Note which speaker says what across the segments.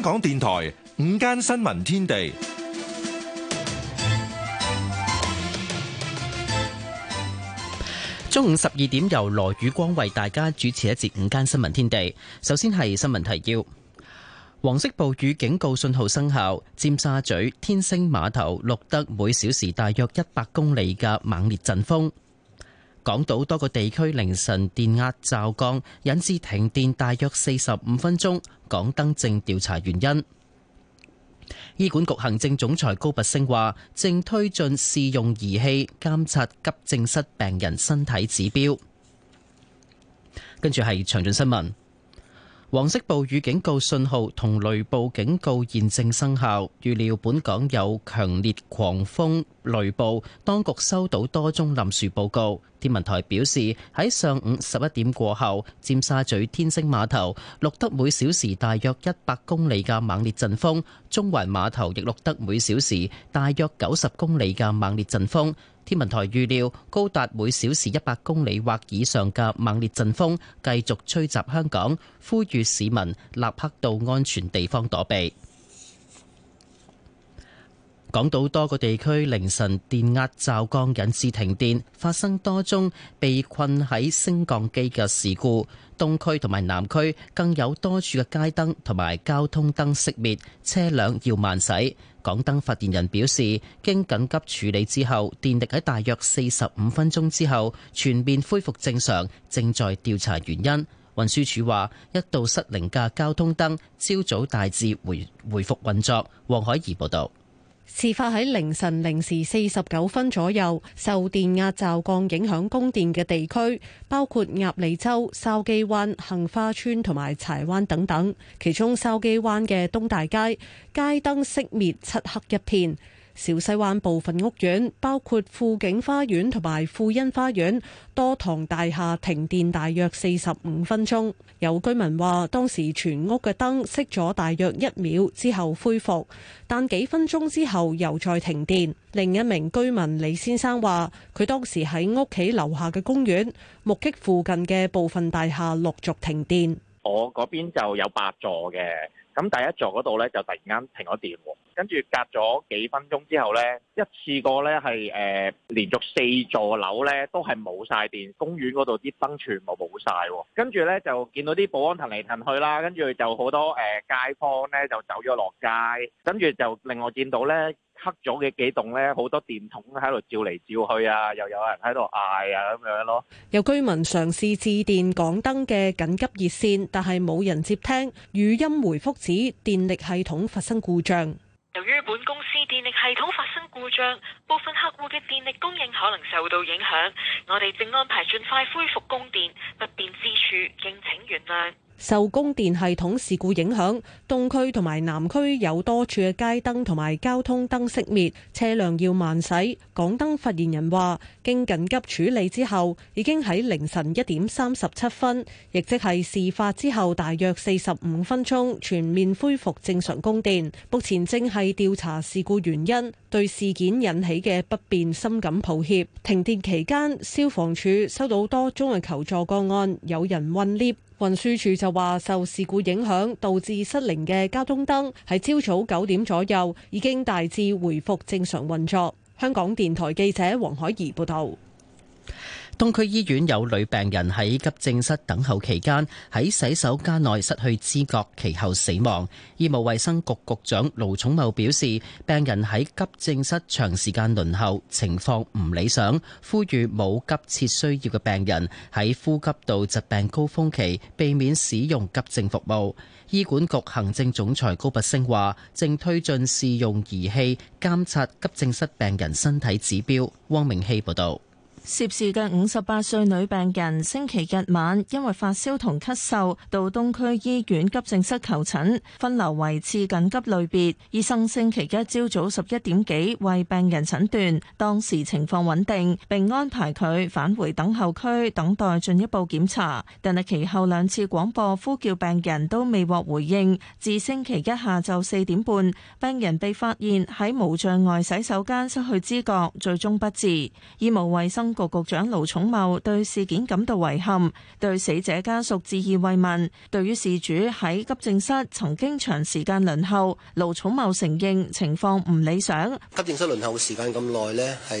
Speaker 1: 香港電台午間新聞
Speaker 2: 天地，中午十二點由羅宇光為大家主持一節午間新聞天地。首先係新聞提要：黃色暴雨警告信號生效，尖沙咀天星碼頭錄得每小時大約一百公里嘅猛烈陣風。港島多個地區凌晨電壓驟降，引致停電大約四十五分鐘，港燈正調查原因。醫管局行政總裁高拔升話，正推進試用儀器監察急症室病人身體指標。跟住係詳盡新聞。黃色暴雨警告信號同雷暴警告現正生效，預料本港有強烈狂風雷暴。當局收到多宗冧樹報告。天文台表示，喺上午十一點過後，尖沙咀天星碼頭錄得每小時大約一百公里嘅猛烈陣風，中環碼頭亦錄得每小時大約九十公里嘅猛烈陣風。天文台預料，高達每小時一百公里或以上嘅猛烈陣風繼續吹襲香港，呼籲市民立刻到安全地方躲避。港島多個地區凌晨電壓驟降，引致停電，發生多宗被困喺升降機嘅事故。東區同埋南區更有多處嘅街燈同埋交通燈熄滅，車輛要慢駛。港燈發言人表示，經緊急處理之後，電力喺大約四十五分鐘之後全面恢復正常，正在調查原因。運輸署話，一度失靈嘅交通燈朝早大致回回復運作。黃海怡報道。
Speaker 3: 事發喺凌晨零時四十九分左右，受電壓驟降影響供電嘅地區包括鴨脷洲、筲箕灣、杏花邨同埋柴灣等等，其中筲箕灣嘅東大街街燈熄滅，漆黑一片。小西灣部分屋苑，包括富景花園同埋富欣花園，多幢大廈停電大約四十五分鐘。有居民話，當時全屋嘅燈熄咗大約一秒之後恢復，但幾分鐘之後又再停電。另一名居民李先生話，佢當時喺屋企樓下嘅公園，目擊附近嘅部分大廈陸續停電。
Speaker 1: 我嗰邊就有八座嘅。咁第一座嗰度咧就突然間停咗電喎，跟住隔咗幾分鐘之後咧，一次過咧係誒連續四座樓咧都係冇晒電，公園嗰度啲燈全部冇晒，跟住咧就見到啲保安騰嚟騰去啦，跟住就好多誒、呃、街坊咧就走咗落街，跟住就另外見到咧。黑咗嘅幾棟呢，好多電筒喺度照嚟照去啊，又有人喺度嗌啊，咁樣咯。
Speaker 3: 有居民嘗試致電港燈嘅緊急熱線，但係冇人接聽，語音回復指電力系統發生故障。
Speaker 4: 由於本公司電力系統發生故障，部分客戶嘅電力供應可能受到影
Speaker 3: 響，我哋正安排盡快恢復供電，不便之處敬請原諒。受供電系統事故影響，東區同埋南區有多處嘅街燈同埋交通燈熄滅，車輛要慢駛。港燈發言人話：經緊急處理之後，已經喺凌晨一點三十七分，亦即係事發之後大約四十五分鐘，全面恢復正常供電。目前正係調查事故原因，對事件引起嘅不便深感抱歉。停電期間，消防處收到多宗嘅求助個案，有人困 𨋢。運輸署就話，受事故影響導致失靈嘅交通燈，喺朝早九點左右已經大致回復正常運作。香港電台記者黃海怡報道。
Speaker 2: 東區醫院有女病人喺急症室等候期間，喺洗手間內失去知覺，其後死亡。醫務衛生局局長盧寵茂表示，病人喺急症室長時間輪候，情況唔理想，呼籲冇急切需要嘅病人喺呼吸道疾病高峰期避免使用急症服務。醫管局行政總裁高拔升話，正推進試用儀器監察急症室病人身體指標。汪明希報道。
Speaker 5: 涉事嘅五十八歲女病人，星期日晚因為發燒同咳嗽，到東區醫院急症室求診，分流為次緊急類別。醫生星期一朝早十一點幾為病人診斷，當時情況穩定，並安排佢返回等候區等待進一步檢查。但係其後兩次廣播呼叫病人都未獲回應，至星期一下晝四點半，病人被發現喺無障礙洗手間失去知覺，最終不治。醫務衞生局局長盧寵茂對事件感到遺憾，對死者家屬致意慰問。對於事主喺急症室曾經長時間輪候，盧寵茂承認情況唔理想。
Speaker 6: 急症室輪候時間咁耐呢係誒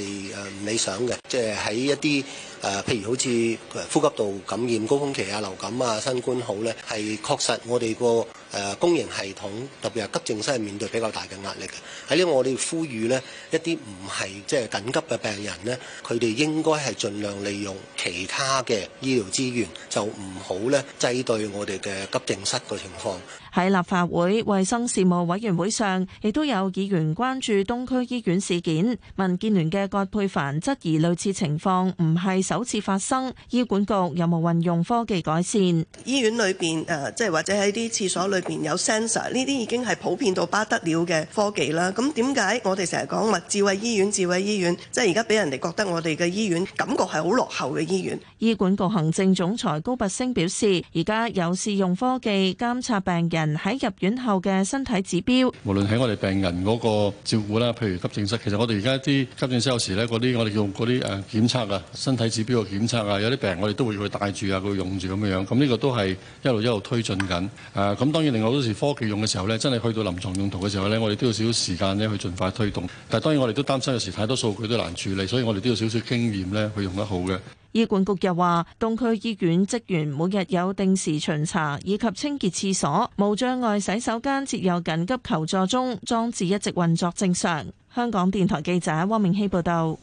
Speaker 6: 唔理想嘅。即係喺一啲誒、呃，譬如好似呼吸道感染、高峰期啊、流感啊、新冠好呢，係確實我哋個。誒、呃、公營系統特別係急症室面對比較大嘅壓力嘅喺呢，我哋呼籲呢一啲唔係即係緊急嘅病人呢，佢哋應該係盡量利用其他嘅醫療資源，就唔好呢擠兌我哋嘅急症室嘅情況。
Speaker 5: 喺立法會衛生事務委員會上，亦都有議員關注東區醫院事件。民建聯嘅葛珮帆質疑類似情況唔係首次發生，醫管局有冇運用科技改善？醫院裏邊誒即係或者喺啲廁所裏邊有 sensor，呢啲已經係普遍到不得了嘅科技啦。咁點解我哋成日講話智慧醫院？智慧醫院即係而家俾人哋覺得我哋嘅醫院感覺係好落後嘅醫院。醫,院醫管局行政總裁高拔升表示，而家有試用科技監察病人。人喺入院後嘅身體指標，
Speaker 7: 無論喺我哋病人嗰個照顧啦，譬如急症室，其實我哋而家啲急症室有時咧，嗰啲我哋用嗰啲誒檢測啊，身體指標嘅檢測啊，有啲病人我哋都會去帶住啊，去用住咁樣樣，咁呢、這個都係一路一路推進緊。誒、啊，咁當然另外好多時科技用嘅時候咧，真係去到臨床用途嘅時候咧，我哋都要少少時間咧去盡快推動。但係當然我哋都擔心有時太多數據都難處理，所以我哋都要少少經驗咧去用得好嘅。
Speaker 5: 醫管局又話，東區醫院職員每日有定時巡查以及清潔廁所，無障礙洗手間設有緊急求助鐘裝置，一直運作正常。香港電台記者汪明熙報道。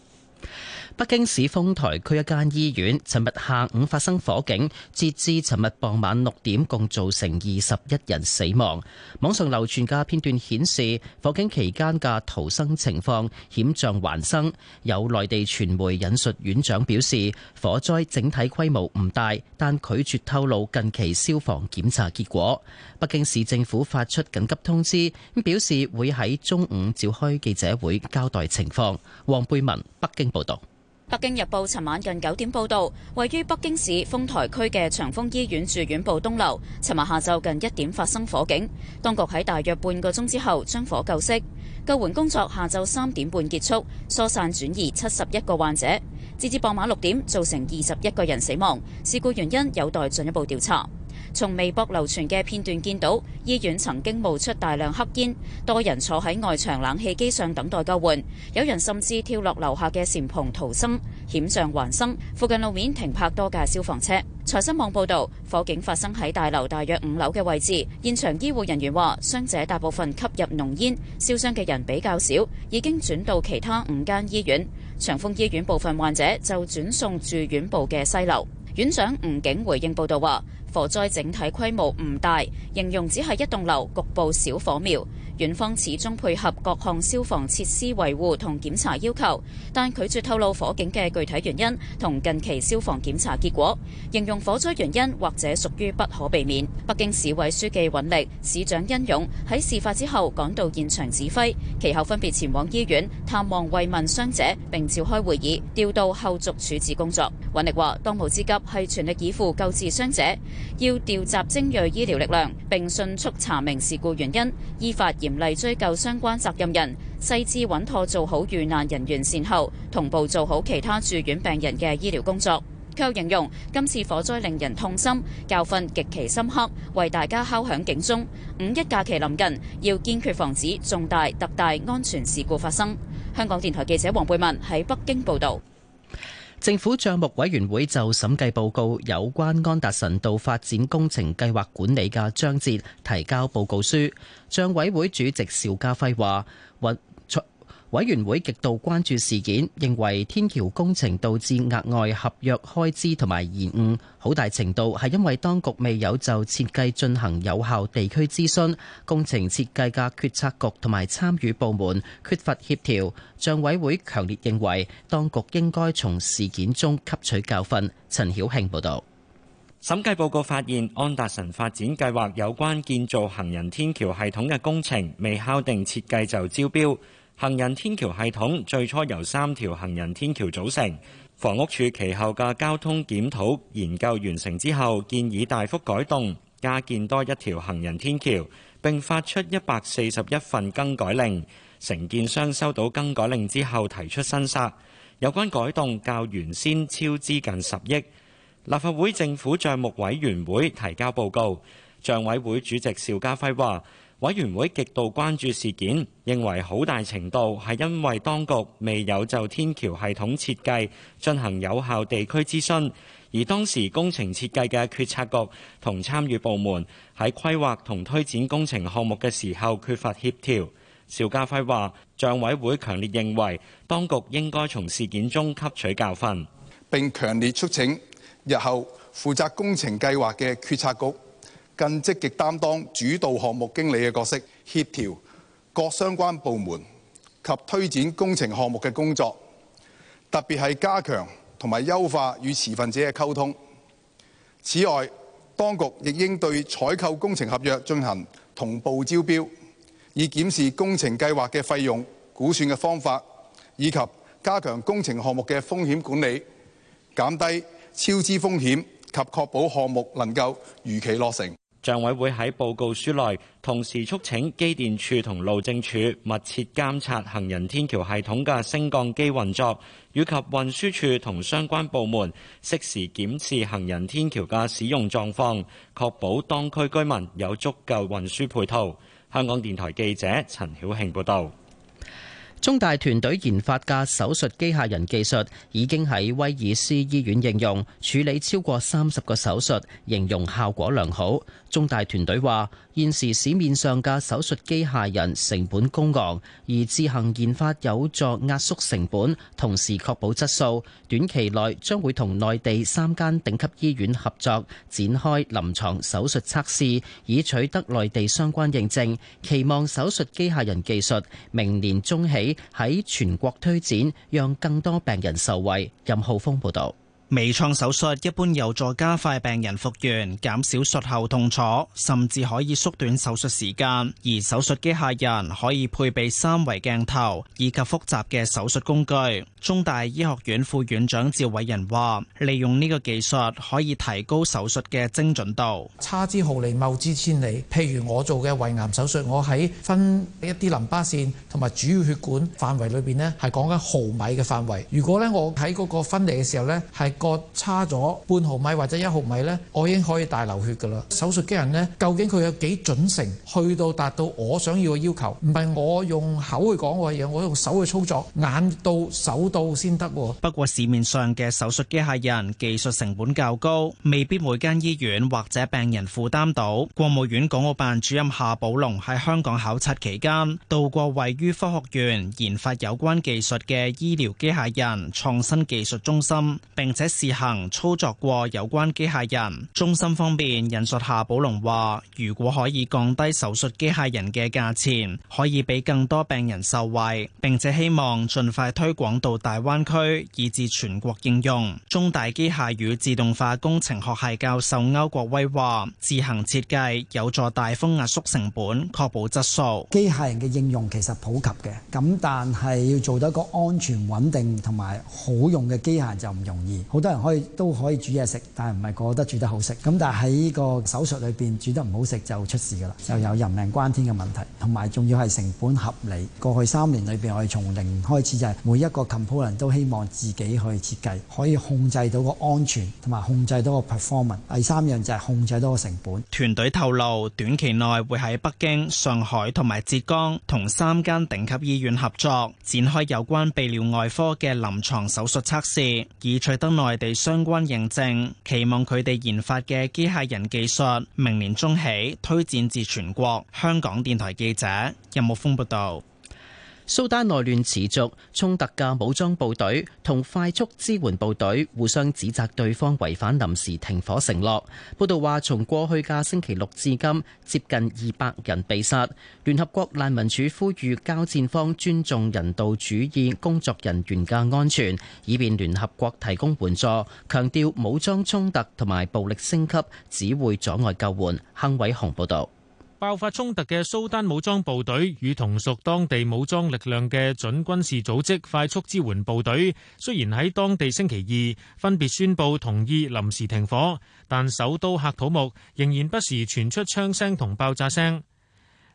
Speaker 5: 北京市豐
Speaker 2: 台區一間醫院，尋日下午發生火警，截至尋日傍晚六點，共造成二十一人死亡。網上流傳嘅片段顯示，火警期間嘅逃生情況險象環生。有內地傳媒引述院長表示，火災整體規模唔大，但拒絕透露近期消防檢查結果。北京市政府發出緊急通知，表示會喺中午召開記者會交代情況。黃貝文，北京報道。
Speaker 8: 北京日報尋晚近九點報道，位於北京市豐台區嘅長峰醫院住院部東樓，尋日下晝近一點發生火警，當局喺大約半個鐘之後將火救熄，救援工作下晝三點半結束，疏散轉移七十一個患者，截至傍晚六點造成二十一個人死亡，事故原因有待進一步調查。從微博流傳嘅片段見到，醫院曾經冒出大量黑煙，多人坐喺外牆冷氣機上等待救援，有人甚至跳落樓下嘅簷篷逃生，險象環生。附近路面停泊多架消防車。財新網報導，火警發生喺大樓大約五樓嘅位置，現場醫護人員話，傷者大部分吸入濃煙，燒傷嘅人比較少，已經轉到其他五間醫院。長峰醫院部分患者就轉送住院部嘅西樓。院長吳景回應報道話，火災整體規模唔大，形容只係一棟樓局部小火苗。院方始終配合各項消防設施維護同檢查要求，但拒絕透露火警嘅具體原因同近期消防檢查結果，形容火災原因或者屬於不可避免。北京市委書記尹力、市長殷勇喺事發之後趕到現場指揮，其後分別前往醫院探望慰問傷者，並召開會議調度後續處置工作。尹力話：當務之急係全力以赴救治傷者，要調集精鋭醫療力量，並迅速查明事故原因，依法嚴厲追究相關責任人，細緻穩妥做好遇難人員善後，同步做好其他住院病人嘅醫療工作。佢又形容今次火災令人痛心，教訓極其深刻，為大家敲響警鐘。五一假期臨近，要堅決防止重大、特大安全事故發生。香港電台記者黃貝文喺北京報道。政
Speaker 2: 府賬目委員會就審計報告有關安達臣道發展工程計劃管理嘅章節提交報告書。賬委會主席邵家輝話。委員會極度關注事件，認為天橋工程導致額外合約開支同埋延誤，好大程度係因為當局未有就設計進行有效地區諮詢，工程設計嘅決策局同埋參與部門缺乏協調。賬委會強烈認為當局應該從事件中吸取教訓。陳曉慶報道。審計報告發現安達臣發
Speaker 9: 展計劃有關建造行人天橋系統嘅工程未敲定設計就招標。行人天橋系統最初由三條行人天橋組成，房屋署其後嘅交通檢討研究完成之後建議大幅改動加建多一條行人天橋並發出委員會極度關注事件，認為好大程度係因為當局未有就天橋系統設計進行有效地區諮詢，而當時工程設計嘅決策局同參與部門喺規劃同推展工程項目嘅時候缺乏協調。邵家輝話，帳委會強烈認為當局應該從事件中吸取教訓，
Speaker 10: 並強烈促請日後負責工程計劃嘅決策局，更積極擔當主導項目經理嘅角色，協調各相關部門及推展工程項目嘅工作，特別係加強同埋優化與持份者嘅溝通。此外，當局亦應對採購工程合約進行同步招標，以檢視工程計劃嘅費用、估算嘅方法，以及加強工程項目嘅風險管理，減低超支風險及確保項目能夠如期落成。
Speaker 9: 帳委會喺報告書內同時促請機電處同路政署密切監察行人天橋系統嘅升降機運作，以及運輸處同相關部門適時檢視行人天橋嘅使用狀況，確保當區居民有足夠運輸配套。香港電台記者陳曉慶報道。
Speaker 2: 中大團隊研發嘅手術機械人技術已經喺威爾斯醫院應用，處理超過三十個手術，應用效果良好。中大團隊話：現時市面上嘅手術機械人成本高昂，而自行研發有助壓縮成本，同時確保質素。短期內將會同內地三間頂級醫院合作，展開臨床手術測試，以取得內地相關認證。期望手術機械人技術明年中起喺全國推展，讓更多病人受惠。任浩峰報導。微創手術一般有助加快病人復原，減少術後痛楚，
Speaker 10: 甚至可以縮短手術時間。而手術機械人可以配備三維鏡頭以及複雜嘅手術工具。中大醫學院副院長趙偉仁話：，利用呢個技術可以提高手術嘅精準度。差之毫釐，
Speaker 9: 謬之千里。譬如我做嘅胃癌手術，我喺分一啲淋巴腺同埋主要血管範圍裏邊呢係講緊毫米嘅範圍。如果呢，我喺嗰個分離嘅時候呢係。個差咗半毫米或者一毫米呢，我已經可以大流血㗎喇。手術機人呢，究竟佢有幾準成，去到達到我想要嘅要求？唔係我用口去講嘅嘢，我用手去操作，眼到手到先得。
Speaker 10: 不過市面上嘅手術機械人技術成本較高，未必每間醫院或者病人負擔到。國務院港澳辦主任夏寶龍喺香港考察期間，到過位於科學園研發有關技術嘅醫療機械人創新技術中心，並且。試行操作過有關機械人中心方面，引述夏寶龍話：，如果可以降低手術機械人嘅價錢，可以俾更多病人受惠，並且希望盡快推廣到大灣區以至全國應用。中大機械與自動化工程學系教授歐國威話：，自行設計有助大風壓縮成本，確保質素。機械人嘅應用其實普及嘅，咁但係要做到一個安全、穩定同埋好用嘅機械就唔容易。好多人可以都可以煮嘢食，但係唔係個個都煮得好食。咁但係喺個手術裏邊煮得唔好食就出事噶啦，就有人命關天嘅問題，同埋仲要係成本合理。過去三年裏邊，我哋從零開始就係每一個 component 都希望自己去設計，可以控制到個安全同埋控制到個 performance。第三樣就係控制到個成本。團隊透露，短期內會喺北京、上海同埋浙江同三間頂級醫院合作，展開有關泌尿外科嘅臨床手術測試，以徐德耐。內地相關認證，期望佢哋研發嘅機械人技術明年中起推薦至全國。香港電台記者任木鋒報道。有
Speaker 2: 蘇丹內亂持續，衝突嘅武裝部隊同快速支援部隊互相指責對方違反臨時停火承諾。報道話，從過去嘅星期六至今，接近二百人被殺。聯合國難民署呼籲交戰方尊重人道主義工作人員嘅安全，以便聯合國提供援助，強調武裝衝突同埋暴力升級只會阻礙救援。康偉雄報道。
Speaker 11: 爆發衝突嘅蘇丹武裝部隊與同屬當地武裝力量嘅準軍事組織快速支援部隊，雖然喺當地星期二分別宣布同意臨時停火，但首都喀土木仍然不時傳出槍聲同爆炸聲。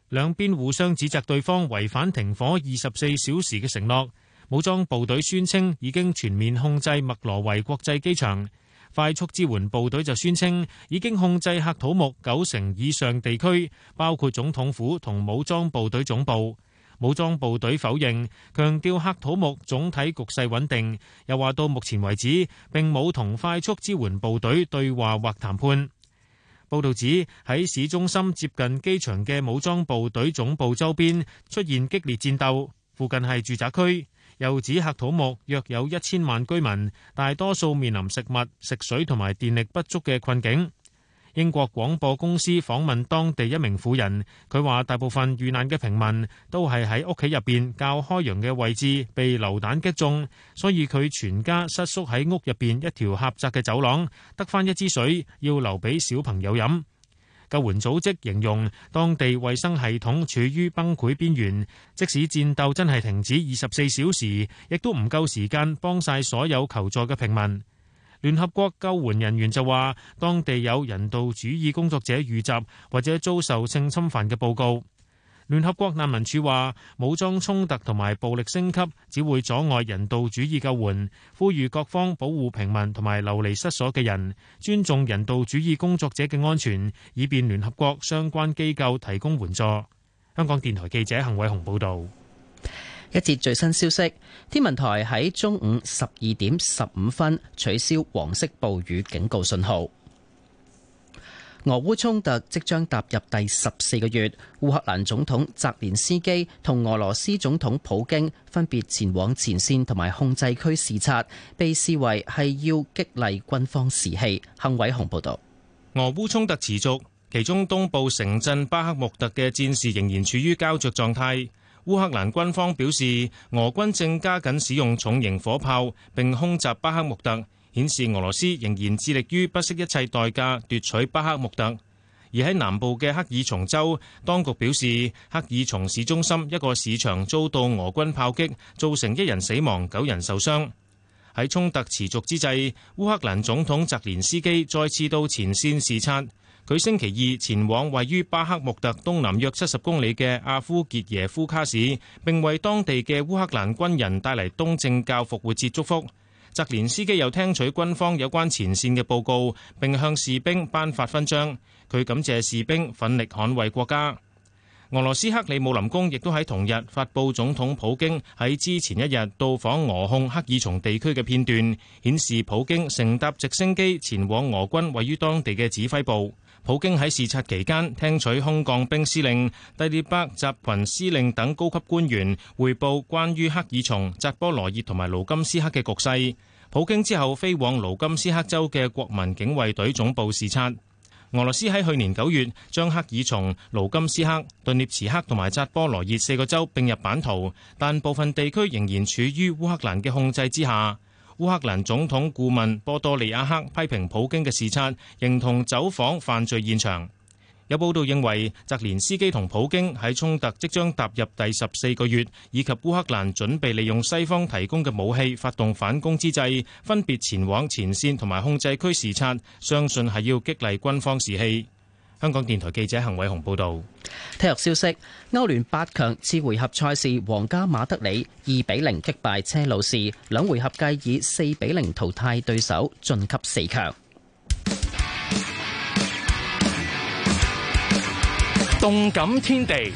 Speaker 11: 兩邊互相指責對方違反停火二十四小時嘅承諾。武裝部隊宣稱已經全面控制麥羅維國際機場。快速支援部隊就宣稱已經控制黑土木九成以上地區，包括總統府同武裝部隊總部。武裝部隊否認，強調黑土木總體局勢穩定，又話到目前為止並冇同快速支援部隊對話或談判。報道指喺市中心接近機場嘅武裝部隊總部周邊出現激烈戰鬥，附近係住宅區。又指喀土穆約有一千萬居民，大多數面臨食物、食水同埋電力不足嘅困境。英國廣播公司訪問當地一名婦人，佢話大部分遇難嘅平民都係喺屋企入邊較開揚嘅位置被流彈擊中，所以佢全家瑟縮喺屋入邊一條狹窄嘅走廊，得返一支水要留俾小朋友飲。救援組織形容當地衛生系統處於崩潰邊緣，即使戰鬥真係停止二十四小時，亦都唔夠時間幫晒所有求助嘅平民。聯合國救援人員就話，當地有人道主義工作者遇襲，或者遭受性侵犯嘅報告。聯合國難民署話，武裝衝突同埋暴力升級，只會阻礙人道主義救援，呼籲各方保護平民同埋流離失所嘅人，尊重人道主義工作者嘅安全，以便聯合國
Speaker 2: 相關機構提供援助。香港電台記者恆偉雄報導。一節最新消息，天文台喺中午十二點十五分取消黃色暴雨警告信號。俄烏衝突即將踏入第十四個月，烏克蘭總統澤連斯基同俄羅斯總統普京分別前往前線同埋控制區視察，被視為係要激勵軍方士氣。幸偉雄報導，俄烏衝突持續，其中東
Speaker 11: 部城鎮巴克穆特嘅戰事仍然處於膠着狀態。烏克蘭軍方表示，俄軍正加緊使用重型火炮並空襲巴克穆特。顯示俄羅斯仍然致力於不惜一切代價奪取巴克穆特，而喺南部嘅克爾松州，當局表示克爾松市中心一個市場遭到俄軍炮擊，造成一人死亡、九人受傷。喺衝突持續之際，烏克蘭總統澤連斯基再次到前線視察。佢星期二前往位於巴克穆特東南約七十公里嘅阿夫傑耶夫卡市，並為當地嘅烏克蘭軍人帶嚟東正教復活節祝福。澤連斯基又聽取軍方有關前線嘅報告，並向士兵頒發勳章。佢感謝士兵奮力捍衛國家。俄羅斯克里姆林宮亦都喺同日發佈總統普京喺之前一日到訪俄控克爾松地區嘅片段，顯示普京乘搭直升機前往俄軍位於當地嘅指揮部。普京喺視察期間聽取空降兵司令、第聶伯集群司令等高級官員匯報關於克爾松、扎波羅熱同埋盧甘斯克嘅局勢，普京之後飛往盧甘斯克州嘅國民警衛隊總部視察。俄羅斯喺去年九月將克爾松、盧甘斯克、頓涅茨克同埋扎波羅熱四個州併入版圖，但部分地區仍然處於烏克蘭嘅控制之下。烏克蘭總統顧問波多利亞克批評普京嘅視察，認同走訪犯罪現場。有報道認為，澤連斯基同普京喺衝突即將踏入第十四個月，以及烏克蘭準備利用西方提供嘅武器發動反攻之際，分別前往前線同埋控制區視察，相信係要激勵軍方士氣。香港電台記
Speaker 2: 者恒偉雄報道。體育消息：歐聯八強次回合賽事，皇家馬德里二比零擊敗車路士，兩回合計以四比零淘汰對手，晉級四強。動感天地。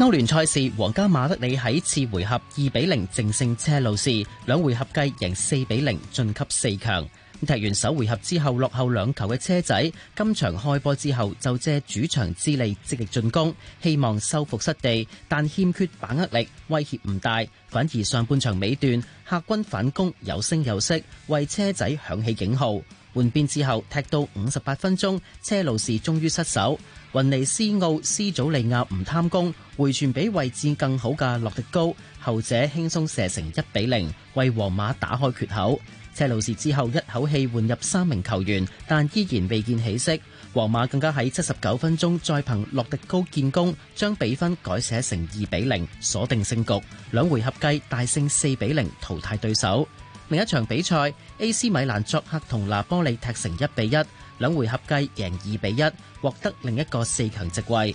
Speaker 2: 歐聯賽事，皇家馬德里喺次回合二比零淨勝車路士，兩回合計贏四比零晉級四強。踢完首回合之後落後兩球嘅車仔，今場開波之後就借主場之利積極進攻，希望收復失地，但欠缺把握力，威脅唔大。反而上半場尾段客軍反攻有聲有色，為車仔響起警號。換邊之後踢到五十八分鐘，車路士終於失守，雲尼斯奧斯祖利亞唔貪功，回傳俾位置更好嘅洛迪高，後者輕鬆射成一比零，為皇馬打開缺口。車路士之後一口氣換入三名球員，但依然未見起色。皇馬更加喺七十九分鐘再憑洛迪高建功，將比分改寫成二比零，鎖定勝局。兩回合計大勝四比零，淘汰對手。另一場比賽，AC 米蘭作客同拿波利踢成一比一，兩回合計贏二比一，獲得另一個四強席位。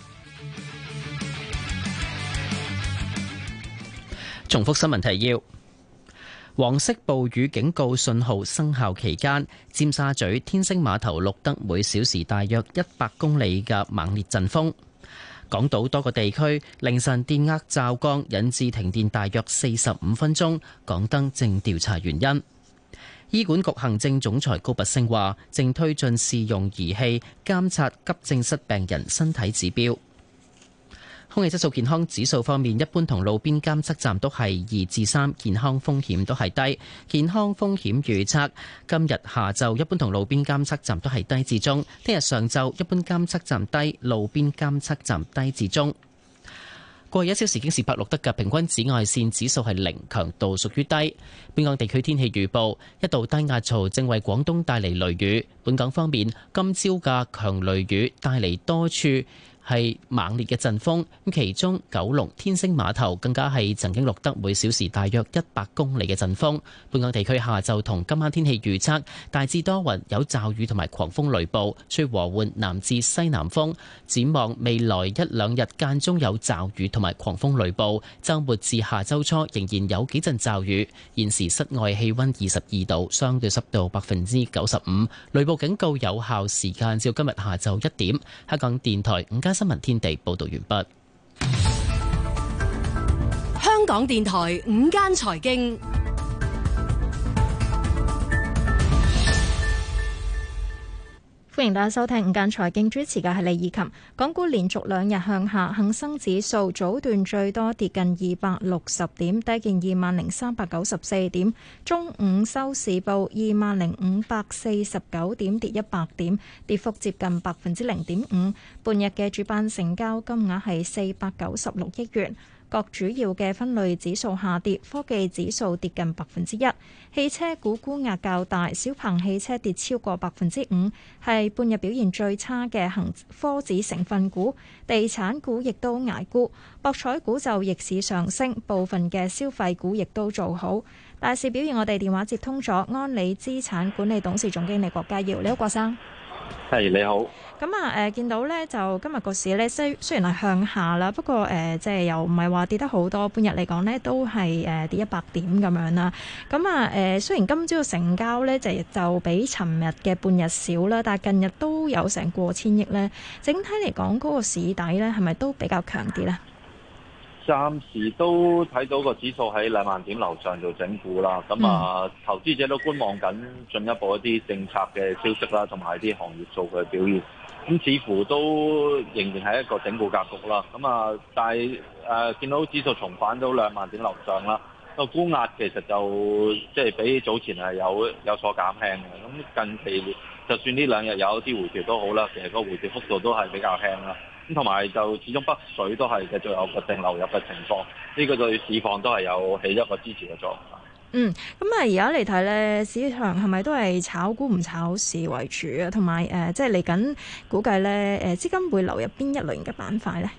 Speaker 2: 重複新聞提要。黃色暴雨警告信號生效期間，尖沙咀天星碼頭錄得每小時大約一百公里嘅猛烈陣風。港島多個地區凌晨電壓驟降，引致停電大約四十五分鐘。港燈正調查原因。醫管局行政總裁高拔升話，正推進試用儀器監察急症室病人身體指標。空氣質素健康指數方面，一般同路邊監測站都係二至三，健康風險都係低。健康風險預測今日下晝一般同路邊監測站都係低至中，聽日上晝一般監測站低，路邊監測站低至中。過去一小時京士柏錄得嘅平均紫外線指數係零，強度屬於低。本港地區天氣預報：一道低壓槽正為廣東帶嚟雷雨，本港方面今朝嘅強雷雨帶嚟多處。係猛烈嘅陣風，咁其中九龍天星碼頭更加係曾經錄得每小時大約一百公里嘅陣風。本港地區下晝同今晚天氣預測大致多雲，有驟雨同埋狂風雷暴，吹和緩南至西南風。展望未來一兩日間中有驟雨同埋狂風雷暴，週末至下周初仍然有幾陣驟雨。現時室外氣温二十二度，相對濕度百分之九十五，雷暴警告有效時間至今日下晝一點。香港電台五加。新聞天地報道完畢。
Speaker 3: 香港電台午間
Speaker 4: 財經。歡迎大家收聽午間財經，主持嘅係李以琴。港股連續兩日向下，恒生指數早段最多跌近二百六十點，低見二萬零三百九十四點。中午收市報二萬零五百四十九點，跌一百點，跌幅接近百分之零點五。半日嘅主板成交金額係四百九十六億元。各主要嘅分類指數下跌，科技指數跌，跌近百分之一，汽車股沽壓較大，小鵬汽車跌超過百分之五，係半日表現最差嘅恒科指成分股。地產股亦都挨沽，博彩股就逆市上升，部分嘅消費股亦都做好。大市表現，我哋電話接通咗安理資產管理董事總經理郭家耀。你好，郭生。
Speaker 1: 係，你好。
Speaker 4: 咁啊，誒、呃、見到咧，就今日個市咧，雖雖然係向下啦，不過誒，即係又唔係話跌得好多，半日嚟講咧，都係誒跌一百點咁樣啦。咁啊，誒、呃、雖然今朝嘅成交咧就就比尋日嘅半日少啦，但係近日都有成過千億咧。整體嚟講，嗰、那個市底咧係咪都比較強啲咧？
Speaker 1: 暫時都睇到個指數喺兩萬點樓上做整固啦。咁啊，嗯、投資者都觀望緊進一步一啲政策嘅消息啦，同埋啲行業數據嘅表現。咁似乎都仍然係一個整固格局啦。咁啊，但係誒見到指數重返到兩萬點樓上啦，個沽壓其實就即係比早前係有有所減輕嘅。咁近期就算呢兩日有一啲回調都好啦，其實個回調幅度都係比較輕啦。咁同埋就始終北水都係繼續有一定流入嘅情況，呢個對市況都係有起一個支持嘅作用。
Speaker 4: 嗯，咁啊而家嚟睇咧，市場係咪都係炒股唔炒市為主啊？同埋誒，即係嚟緊估計咧，誒、呃、資金會流入邊一類型嘅板塊咧？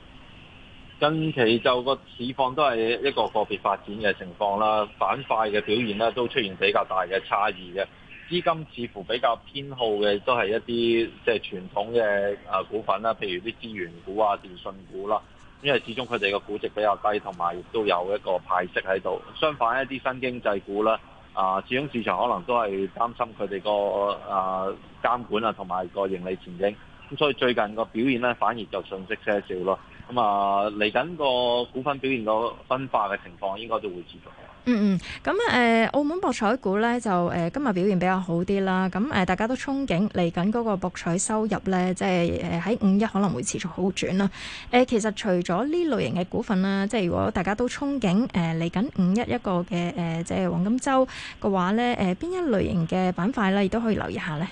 Speaker 1: 近期就個市況都係一個個別發展嘅情況啦，板塊嘅表現咧都出現比較大嘅差異嘅，資金似乎比較偏好嘅都係一啲即係傳統嘅啊股份啦，譬如啲資源股啊、電信股啦。因為始終佢哋個估值比較低，同埋亦都有一個派息喺度。相反，一啲新經濟股咧，啊，始終市場可能都係擔心佢哋個啊監管啊，同埋個盈利前景。咁所以最近個表現咧，反而就遜色些少咯。咁啊，嚟緊個股份表現個分化嘅情況，應該都會持續。
Speaker 4: 嗯嗯，咁、嗯、啊、嗯，澳門博彩股咧就誒今日表現比較好啲啦，咁誒大家都憧憬嚟緊嗰個博彩收入咧，即係誒喺五一可能會持續好轉啦。誒，其實除咗呢類型嘅股份啦，即係如果大家都憧憬誒嚟緊五一一個嘅誒，即係黃金周嘅話咧，誒邊一類型嘅板塊咧亦都可以留意下咧？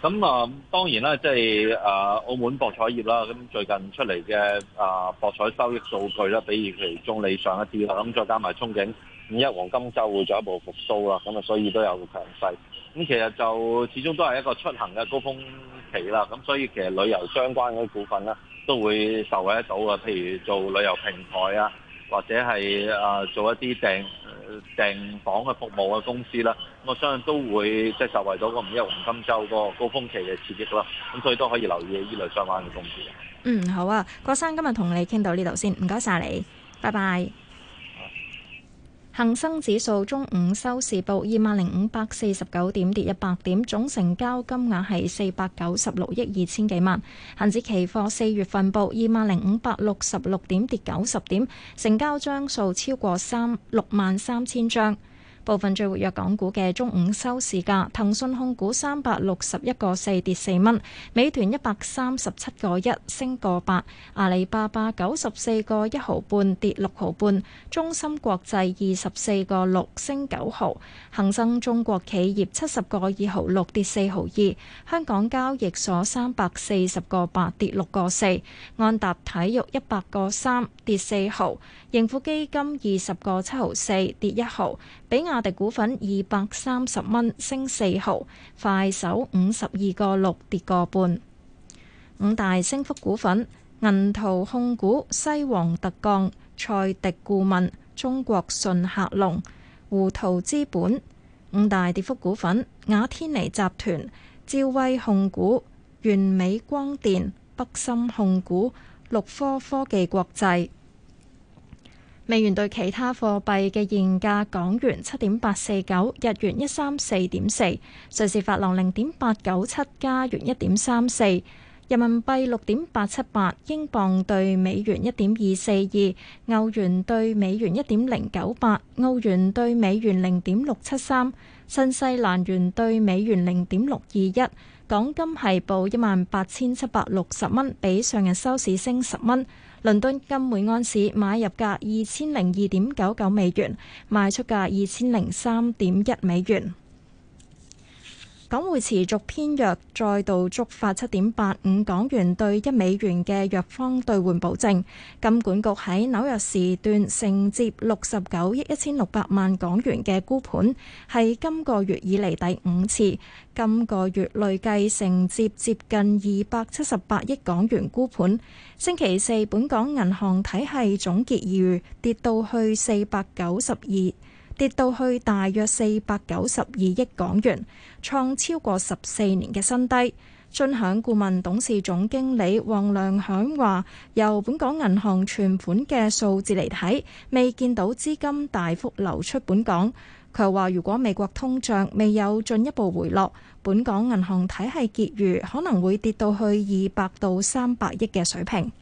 Speaker 1: 咁啊，當然啦，即係誒澳門博彩業啦。咁、啊、最近出嚟嘅誒博彩收益數據啦，比如其中理想一啲啦。咁、啊、再加埋憧憬，五一黃金週會進一步復甦啦。咁啊，啊，所以都有強勢。咁、啊、其實就始終都係一個出行嘅高峰期啦。咁、啊啊、所以其實旅遊相關嘅股份咧，都會受惠得到啊，譬如做旅遊平台啊，或者係誒、啊、做一啲訂。訂房嘅服務嘅公司啦，我相信都會即係受惠咗嗰五一黃金周個高峰期嘅刺激啦。咁所以都可以留意依類相關嘅公司。
Speaker 4: 嗯，好啊，郭生今日同你傾到呢度先，唔該晒你，拜拜。恒生指數中午收市報二萬零五百四十九點，跌一百點，總成交金額係四百九十六億二千幾萬。恒指期貨四月份報二萬零五百六十六點，跌九十點，成交張數超過三六萬三千張。部分最活躍港股嘅中午收市價，騰訊控股三百六十一個四跌四蚊，美團一百三十七個一升個八，阿里巴巴九十四個一毫半跌六毫半，中芯國際二十四個六升九毫，恆生中國企業七十個二毫六跌四毫二，香港交易所三百四十個八跌六個四，安踏體育一百個三跌四毫。盈富基金二十個七毫四跌一毫，比亞迪股份二百三十蚊升四毫，快手五十二個六跌個半。五大升幅股份：銀圖控股、西王特鋼、賽迪顧問、中國順客隆、胡桃資本。五大跌幅股份：雅天尼集團、兆威控股、完美光電、北森控股、綠科科技國際。美元兌其他貨幣嘅現價：港元七點八四九，日元一三四點四，瑞士法郎零點八九七，加元一點三四，人民幣六點八七八，英鎊對美元一點二四二，歐元對美元一點零九八，澳元對美元零點六七三，新西蘭元對美元零點六二一。港金係報一萬八千七百六十蚊，比上日收市升十蚊。倫敦金每安士買入價二千零二點九九美元，賣出價二千零三點一美元。港匯持續偏弱，再度觸發七點八五港元兌一美元嘅弱方兌換保證。金管局喺紐約時段承接六十九億一千六百萬港元嘅沽盤，係今個月以嚟第五次。今個月累計承接接近二百七十八億港元沽盤。星期四，本港銀行體系總結餘跌到去四百九十二。跌到去大約四百九十二億港元，創超過十四年嘅新低。進響顧問董事總經理黃亮響話：由本港銀行存款嘅數字嚟睇，未見到資金大幅流出本港。佢又話：如果美國通脹未有進一步回落，本港銀行體系結餘可能會跌到去二百到三百億嘅水平。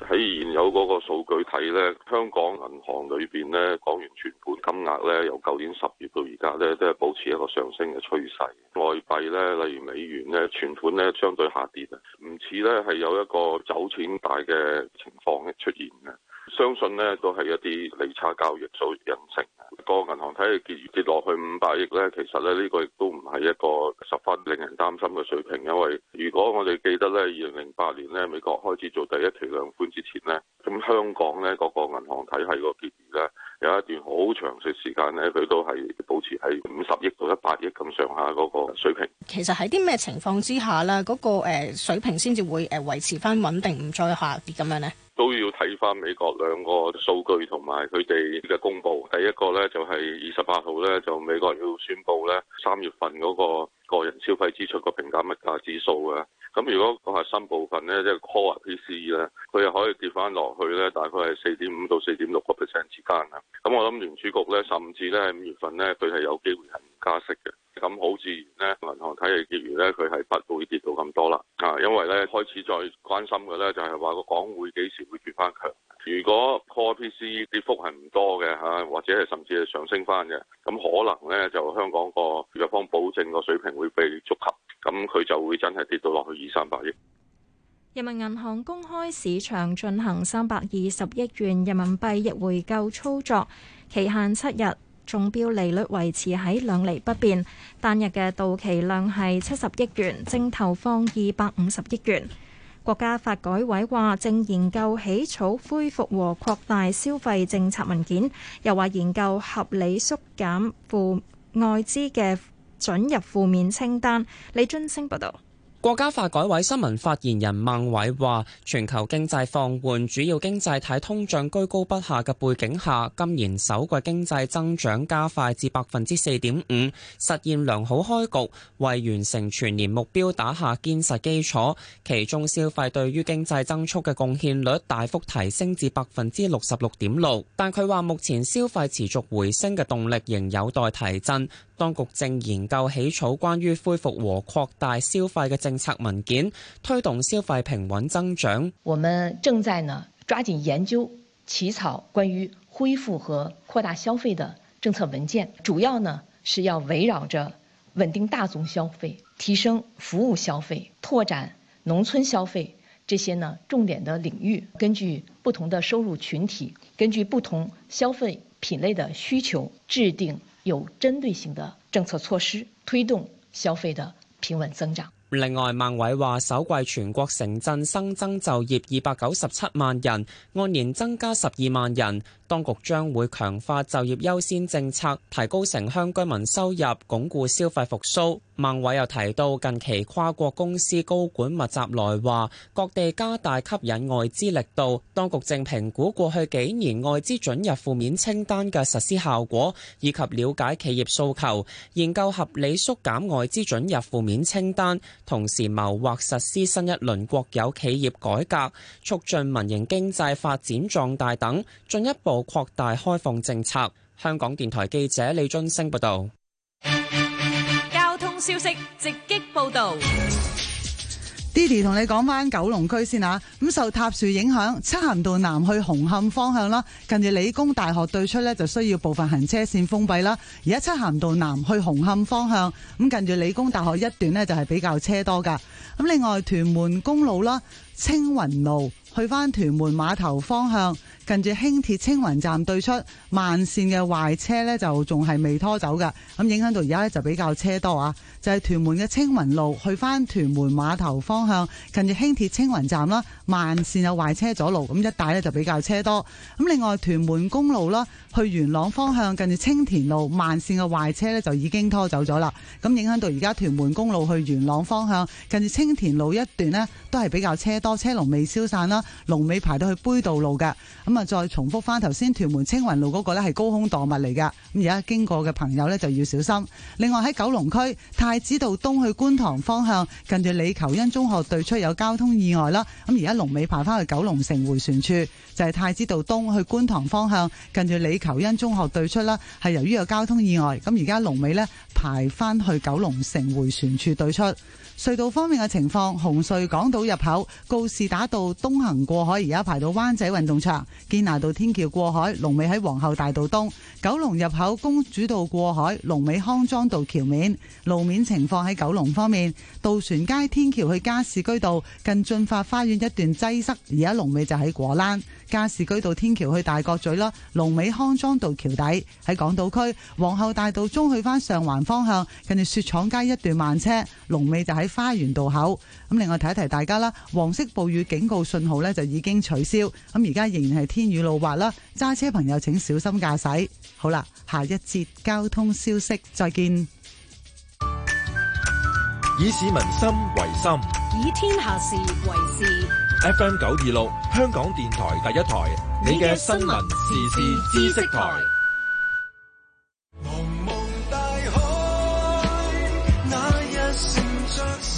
Speaker 7: 喺現有嗰個數據睇呢，香港銀行裏邊呢，港元存款金額呢，由舊年十月到而家呢，都係保持一個上升嘅趨勢。外幣呢，例如美元呢，存款呢，相對下跌啊，唔似呢，係有一個走錢大嘅情況出現咧。相信呢都係一啲利差交易所形成，個銀行體系結餘跌落去五百億呢，其實咧呢、呢個亦都唔係一個十分令人擔心嘅水平，因為如果我哋記得呢，二零零八年呢美國開始做第一期量寬之前呢，咁、嗯、香港呢嗰個銀行體系個結餘呢，有一段好長嘅時間呢，佢都係保持喺五十億到一百億咁上下嗰個水平。
Speaker 5: 其實喺啲咩情況之下呢，嗰、那個、呃、水平先至會誒維持翻穩定，唔再下跌咁樣呢？
Speaker 7: 都要睇翻美國兩個數據同埋佢哋嘅公佈。第一個呢，就係二十八號呢，就美國要宣布呢三月份嗰個個人消費支出個平減物價指數啊。咁如果講係核心部分呢，即係 Core PCE 呢，佢又可以跌翻落去呢，大概係四點五到四點六個 percent 之間啊。咁我諗聯儲局呢，甚至呢五月份呢，佢係有機會係加息嘅。咁好自然咧，銀行體系結餘咧，佢係不會跌到咁多啦。啊，因為咧開始再關心嘅咧，就係話個港匯幾時會跌翻強？如果 CoinPC 跌幅係唔多嘅嚇，或者係甚至係上升翻嘅，咁可能咧就香港個弱方保證個水平會被觸及，咁佢就會真係跌到落去二三百億。
Speaker 4: 人民銀行公開市場進行三百二十億元人民幣逆回購操作，期限七日。中標利率維持喺兩厘不變，單日嘅到期量係七十億元，正投放二百五十億元。國家發改委話正研究起草恢復和擴大消費政策文件，又話研究合理縮減負外資嘅准入負面清單。李津升報道。
Speaker 6: 國家發改委新聞發言人孟偉話，全球經濟放緩、主要經濟體通脹居高不下嘅背景下，今年首季經濟增長加快至百分之四點五，實現良好開局，為完成全年目標打下堅實基礎。其中，消費對於經濟增速嘅貢獻率大幅提升至百分之六十六點六。但佢話，目前消費持續回升嘅動力仍有待提振。當局正研究起草關於恢復和擴大消費嘅政策文件，推動消費平穩增長。我們
Speaker 3: 正在呢抓緊研究起草關於恢復和擴大消費的政策文件，主要呢是要圍繞着穩定大宗消費、提升服務消費、拓展農村消費這些呢重點的領域，根據不同的收入群體、根據不同消費品類的需求制定。有針對性的政策措施，推動消費的平
Speaker 5: 穩增長。
Speaker 6: 另外，孟偉話，首季全國城鎮新增就業二百九十七萬人，按年增加十二萬人。當局將會強化就業優先政策，提高城鄉居民收入，鞏固消費復甦。孟偉又提到，近期跨國公司高管密集來華，各地加大吸引外資力度。當局正評估過去幾年外資准入負面清單嘅實施效果，以及了解企業訴求，研究合理縮減外資准入負面清單，同時謀劃實施新一輪國有企業改革，促進民營經濟發展壯大等，進一步擴大開放政策。香港電台記者李津升報道。
Speaker 3: 交通消息直擊
Speaker 5: 報道。
Speaker 12: Didi 同你講翻九龍區先啊，咁受塌樹影響，漆咸道南去紅磡方向啦，近住理工大學對出咧就需要部分行車線封閉啦。而家漆咸道南去紅磡方向，咁近住理工大學一段咧就係比較車多噶。咁另外屯門公路啦、青雲路。去翻屯門碼頭方向，近住輕鐵青雲站對出慢線嘅壞車呢就仲係未拖走㗎，咁影響到而家呢就比較車多啊！就係屯門嘅青雲路去翻屯門碼頭方向，近住輕鐵青雲站啦，慢線有壞車阻路，咁一帶呢就比較車多。咁、就是、另外屯門公路啦，去元朗方向近住青田路慢線嘅壞車呢就已經拖走咗啦，咁影響到而家屯門公路去元朗方向近住青，青田路一段呢都係比較車多，車龍未消散啦。龍尾排到去杯道路嘅，咁啊再重複翻頭先屯門青雲路嗰個呢，係高空墮物嚟噶，咁而家經過嘅朋友呢，就要小心。另外喺九龍區太子道東去觀塘方向，近住李求恩中學對出有交通意外啦。咁而家龍尾排翻去九龍城回旋處，就係太子道東去觀塘方向，近住李求恩中學對出啦，係由於有交通意外。咁而家龍尾呢，排翻去九龍城回旋處對出。隧道方面嘅情況，紅隧港島入口告士打道東行過海，而家排到灣仔運動場；堅拿道天橋過海，龍尾喺皇后大道東；九龍入口公主道過海，龍尾康莊道橋面。路面情況喺九龍方面，渡船街天橋去加士居道近駿發花園一段擠塞，而家龍尾就喺果欄；加士居道天橋去大角咀啦，龍尾康莊道橋底喺港島區；皇后大道中去返上環方向，跟住雪廠街一段慢車，龍尾就喺。花園道口，咁另外提一提大家啦，黃色暴雨警告信號呢就已經取消，咁而家仍然係天雨路滑啦，揸車朋友請小心駕駛。好啦，下一節交通消息再見。
Speaker 1: 以市民心為心，
Speaker 3: 以天下事為事。
Speaker 1: FM 九二六，香港電台第一台，你嘅新聞時事知識台。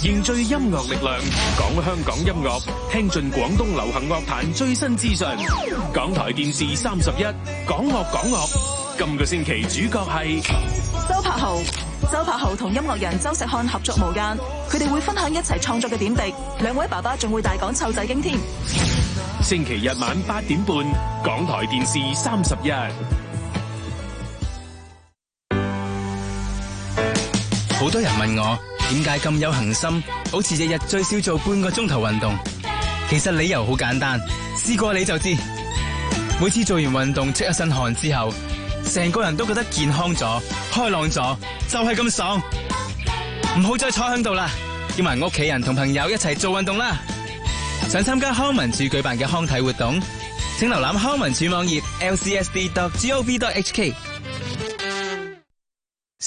Speaker 11: 凝聚音樂力量，講香港音樂，聽盡廣東流行樂壇最新資訊。港台電視三十一，港樂港樂。今個星期主角係
Speaker 5: 周柏豪，周柏豪同音樂人周石漢合作無間，佢哋會分享一齊創作嘅點滴。兩位爸爸仲會大講湊仔經添。
Speaker 11: 星期日晚八點半，港台電視三十一。
Speaker 10: 好多人問我。點解咁有恆心？好似日日最少做半個鐘頭運動。其實理由好簡單，試過你就知。每次做完運動出一身汗之後，成個人都覺得健康咗、開朗咗，就係、是、咁爽。唔好再坐響度啦，叫埋屋企人同朋友一齊做運動啦。想參加康文署舉辦嘅康體活動，請瀏覽康文署網頁 lcsd.gov.hk。